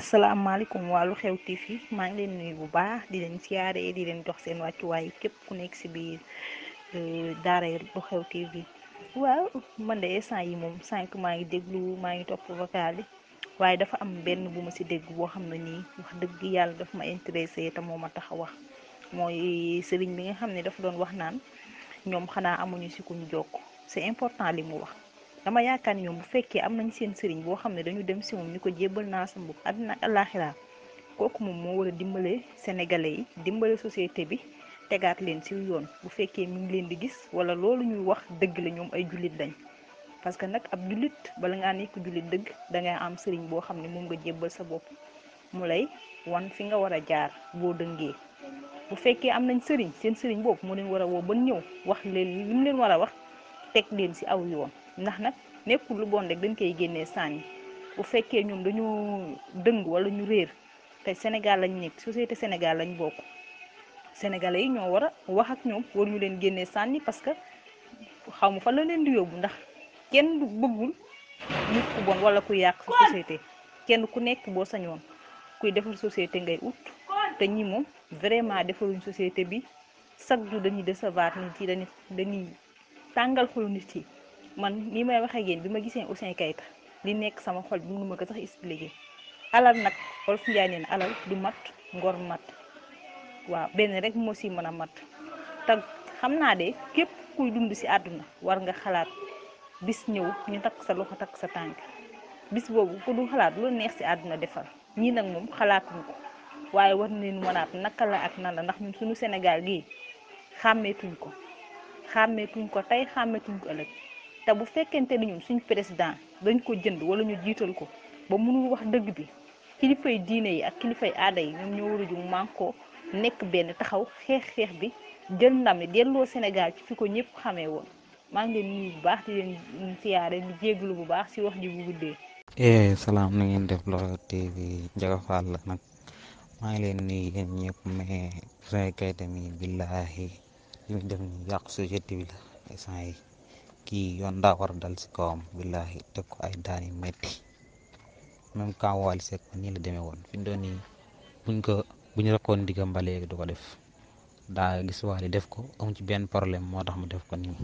asalaamaaleykum waa Lu Xew TV maa ngi leen nuyu bu baax di leen siyaare di leen jox seen wàccuwaay képp ku nekk si biir euh, daara Lu Xew TV waaw man de instant yi moom sànq maa ngi déglu maa ngi topp vocal yi waaye dafa am benn bu ma si dégg boo xam ne nii wax dëgg yàlla daf ma intéressé te moom ma tax a wax mooy sëriñ bi nga xam ne dafa doon wax naan ñoom xanaa amuñu si kuñ jokk c'est important li mu wax. dama yaakaar ni ñoom bu fekkee am nañ seen sëriñ boo xam ne dañu dem si moom ñu ko jébbal naa sa àddina ak kooku moom moo war a sénégalais yi dimbale société bi tegaat leen si yoon bu fekkee mi ngi leen di gis wala loolu ñuy wax dëgg la ñoom ay jullit lañ parce que nag ab jullit bala ngaa nekk jullit dëgg dangay am sëriñ boo xam ne moom nga jébbal sa bopp mu lay wan fi nga war a jaar boo dëngee bu fekkee am nañ sëriñ seen sëriñ boobu moo leen war woo ba ñëw wax leen li mu leen war a wax teg leen si aw yoon ndax nag nekkul lu bon rek dañ koy génnee sànni bu fekkee ñoom dañoo dëng wala ñu réer te Sénégal lañ nekk société Sénégal lañ bokk sénégalais yi ñoo war a wax ak ñoom war ñu leen génnee sànni parce que xaw ma fa la leen di yóbbu ndax kenn du bëggul nit ku bon wala ku yàq sa société kenn ku nekk boo sañoon kuy defar société ngay ut te ñi moom vraiment defaruñ société bi chaque jour dañuy décevoir nit yi dañuy dañuy tàngal xolu nit yi. man nii may wax génn bi ma gisee Ouzin Keita li nekk sama xol bi nu ma ko sax expliquer alal nag Wolof Njaay nee na alal du mat ngor mat waaw benn rek moo ci mën a mat tag xam naa de képp kuy dund si àdduna war nga xalaat bis ñëw ñu takk sa loxo takk sa tànk bis boobu ku du xalaat lu neex ci àdduna defal ñii nag moom xalaatuñu ko waaye war nañu mënaat naka la ak nan la ndax ñun suñu Sénégal gi xàmmeetuñ ko xàmmeetuñ ko tey xàmmeetuñ ko ëllëg te bu fekkente ne ñun suñ président dañ ko jënd wala ñu jiital ko ba mënul wax dëgg bi kilifay diine yi ak kilifay aada yi ñoom ñoo war a mànkoo nekk benn taxaw xeex xeex bi jël ndam li delloo Sénégal ci fi ko ñëpp xamee woon maa ngi leen nuyu bu baax di leen siyaare di jégalu bu baax si wax ji bu guddee. Eh, salaam na ngeen def Lô TV Ndiaga Fall la nag maa ngi leen nuyu yéen ñëpp mais Sonia Kayit mi billaahi li mu def nii yàqu société bi la instant yi ci yoon daa war dal si kawam billahi teg ko ay daan yu metti même quand Wally Seck nii la demee woon fi mu doon nii buñ ko buñ rakkoon diggam ba léegi du ko def daa gis Wally def ko amu ci benn problème moo tax mu def ko nii.